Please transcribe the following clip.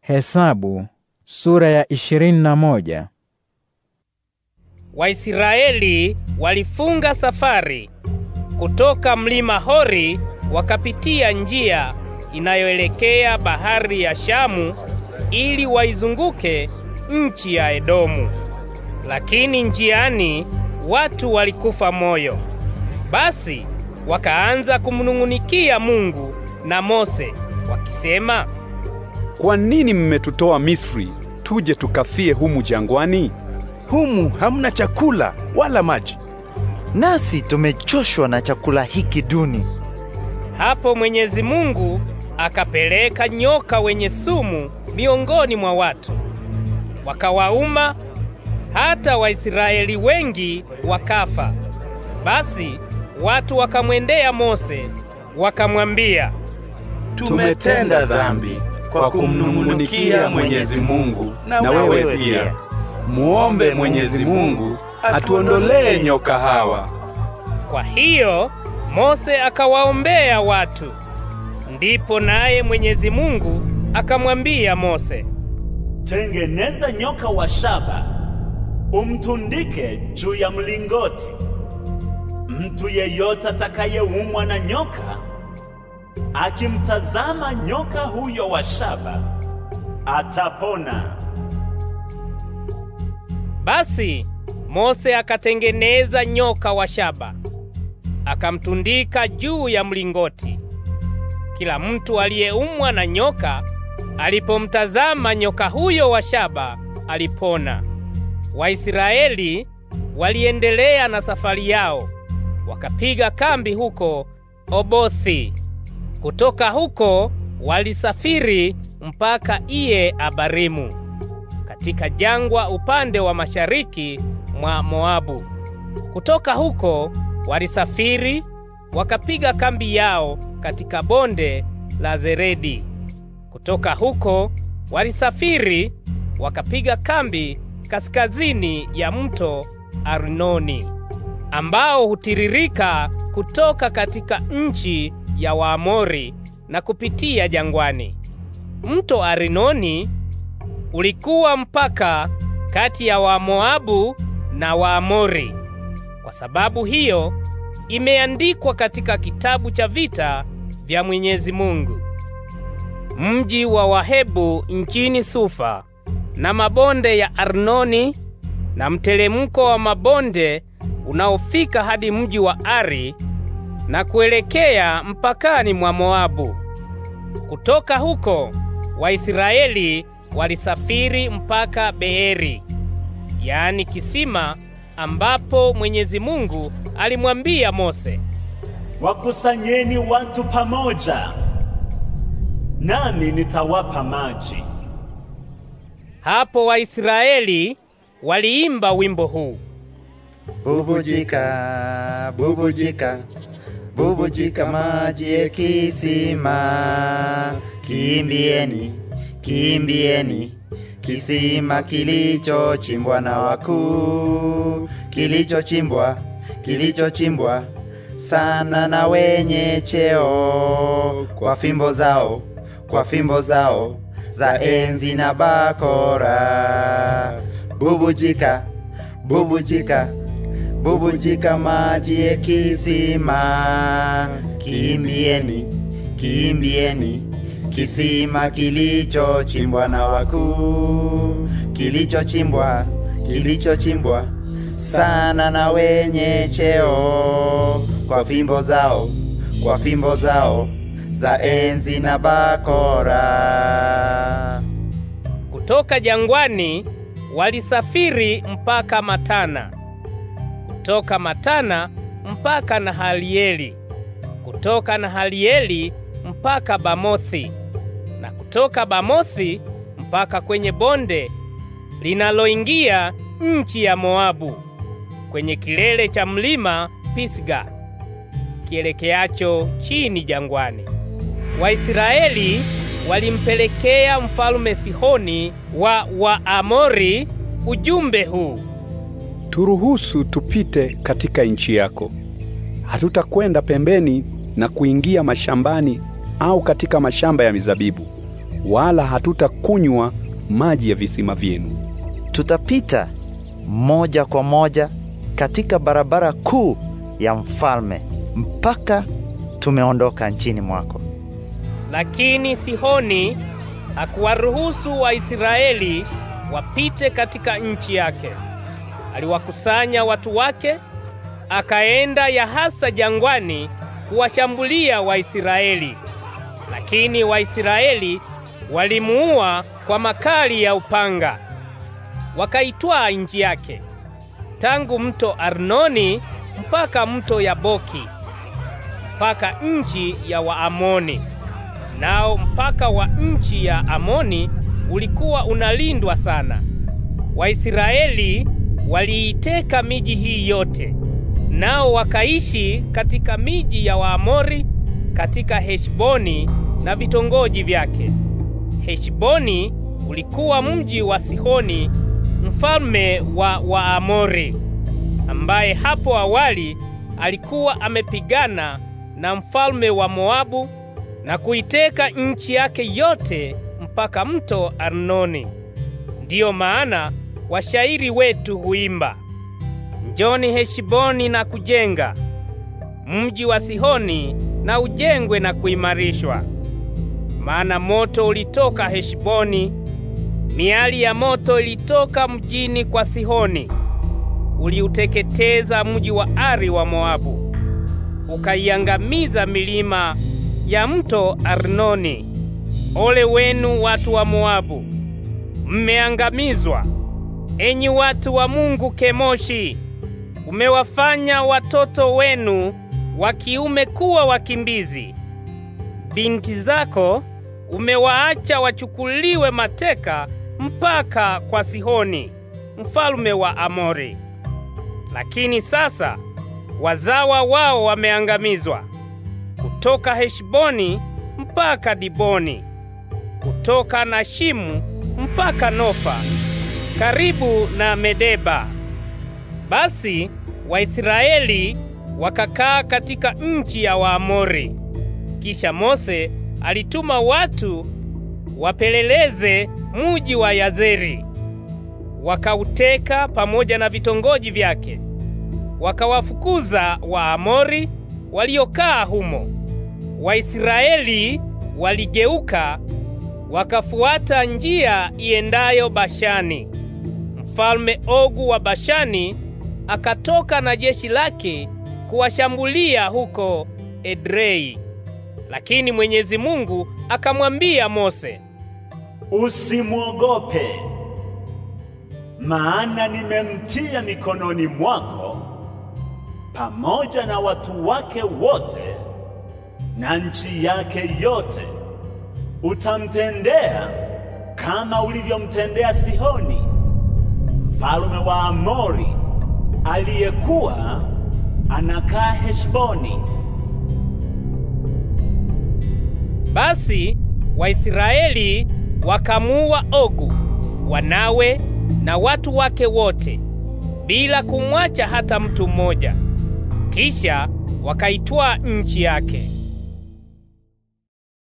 Hesabu sura ya na moja. Waisraeli walifunga safari kutoka mlima Hori wakapitia njia inayoelekea bahari ya Shamu ili waizunguke nchi ya Edomu. Lakini njiani watu walikufa moyo. Basi wakaanza kumnung'unikia Mungu na Mose wakisema, kwa nini mmetutoa Misri tuje tukafie humu jangwani? Humu hamna chakula wala maji, nasi tumechoshwa na chakula hiki duni. Hapo Mwenyezi Mungu akapeleka nyoka wenye sumu miongoni mwa watu, wakawauma hata Waisraeli wengi wakafa. Basi watu wakamwendea Mose wakamwambia, tumetenda dhambi kwa kumnung'unikia Mwenyezi Mungu na, wewe pia. Muombe Mwenyezi Mungu atuondolee nyoka hawa. Kwa hiyo Mose akawaombea watu, ndipo naye Mwenyezi Mungu akamwambia Mose, tengeneza nyoka wa shaba umtundike juu ya mlingoti. Mtu yeyote atakayeumwa na nyoka akimtazama nyoka huyo wa shaba atapona. Basi Mose akatengeneza nyoka wa shaba akamtundika juu ya mlingoti. Kila mtu aliyeumwa na nyoka alipomtazama nyoka huyo wa shaba alipona. Waisraeli waliendelea na safari yao wakapiga kambi huko Obothi. Kutoka huko walisafiri mpaka Iye Abarimu katika jangwa upande wa mashariki mwa Moabu. Kutoka huko walisafiri wakapiga kambi yao katika bonde la Zeredi. Kutoka huko walisafiri wakapiga kambi kaskazini ya mto Arnoni ambao hutiririka kutoka katika nchi ya Waamori na kupitia jangwani. Mto Arinoni ulikuwa mpaka kati ya Wamoabu na Waamori. Kwa sababu hiyo imeandikwa katika kitabu cha vita vya Mwenyezi Mungu. Mji wa Wahebu nchini Sufa na mabonde ya Arnoni na mtelemko wa mabonde unaofika hadi mji wa Ari na kuelekea mpakani mwa Moabu. Kutoka huko Waisraeli walisafiri mpaka Beeri, yaani kisima ambapo Mwenyezi Mungu alimwambia Mose, wakusanyeni watu pamoja, nami nitawapa maji. Hapo Waisraeli waliimba wimbo huu: bubujika bubujika bubujika maji ya kisima. Kimbieni, kimbieni kisima kilichochimbwa na wakuu, kilichochimbwa, kilichochimbwa sana na wenye cheo, kwa fimbo zao, kwa fimbo zao za enzi na bakora. Bubujika, bubujika bubujika maji ya kisima. Kimbieni, kimbieni kisima kilichochimbwa na wakuu, kilichochimbwa, kilichochimbwa sana na wenye cheo, kwa fimbo zao, kwa fimbo zao za enzi na bakora. Kutoka jangwani walisafiri mpaka Matana kutoka Matana mpaka Nahalieli, kutoka Nahalieli mpaka Bamothi, na kutoka Bamothi mpaka kwenye bonde linaloingia nchi ya Moabu, kwenye kilele cha mlima Pisga kielekeacho chini jangwani. Waisraeli walimpelekea mfalme Sihoni wa Waamori ujumbe huu: turuhusu tupite katika nchi yako. Hatutakwenda pembeni na kuingia mashambani au katika mashamba ya mizabibu, wala hatutakunywa maji ya visima vyenu. Tutapita moja kwa moja katika barabara kuu ya mfalme mpaka tumeondoka nchini mwako. Lakini Sihoni hakuwaruhusu Waisraeli wapite katika nchi yake aliwakusanya watu wake akaenda Yahasa jangwani kuwashambulia Waisraeli, lakini Waisraeli walimuua kwa makali ya upanga, wakaitwaa nchi yake tangu mto Arnoni mpaka mto Yaboki mpaka nchi ya Waamoni. Nao mpaka wa nchi ya Amoni ulikuwa unalindwa sana. Waisraeli waliiteka miji hii yote, nao wakaishi katika miji ya Waamori katika Heshboni na vitongoji vyake. Heshboni ulikuwa mji wa Sihoni mfalme wa Waamori, ambaye hapo awali alikuwa amepigana na mfalme wa Moabu na kuiteka nchi yake yote mpaka mto Arnoni. Ndiyo maana washairi wetu huimba, njoni Heshiboni na kujenga, mji wa Sihoni na ujengwe na kuimarishwa. Maana moto ulitoka Heshiboni, miali ya moto ilitoka mjini kwa Sihoni. Uliuteketeza mji wa Ari wa Moabu, ukaiangamiza milima ya mto Arnoni. Ole wenu watu wa Moabu, mmeangamizwa! Enyi watu wa Mungu Kemoshi, umewafanya watoto wenu wa kiume kuwa wakimbizi. Binti zako umewaacha wachukuliwe mateka mpaka kwa Sihoni, mfalme wa Amori. Lakini sasa wazawa wao wameangamizwa kutoka Heshboni mpaka Diboni, kutoka Nashimu mpaka Nofa karibu na Medeba. Basi Waisraeli wakakaa katika nchi ya Waamori. Kisha Mose alituma watu wapeleleze muji wa Yazeri. Wakauteka pamoja na vitongoji vyake. Wakawafukuza Waamori waliokaa humo. Waisraeli waligeuka wakafuata njia iendayo Bashani. Mfalme Ogu wa Bashani akatoka na jeshi lake kuwashambulia huko Edrei. Lakini Mwenyezi Mungu akamwambia Mose, usimwogope, maana nimemtia mikononi mwako pamoja na watu wake wote na nchi yake yote. Utamtendea kama ulivyomtendea Sihoni mfalme wa Amori aliyekuwa anakaa Heshboni. Basi Waisraeli wakamuua Ogu, wanawe na watu wake wote bila kumwacha hata mtu mmoja. Kisha wakaitwaa nchi yake.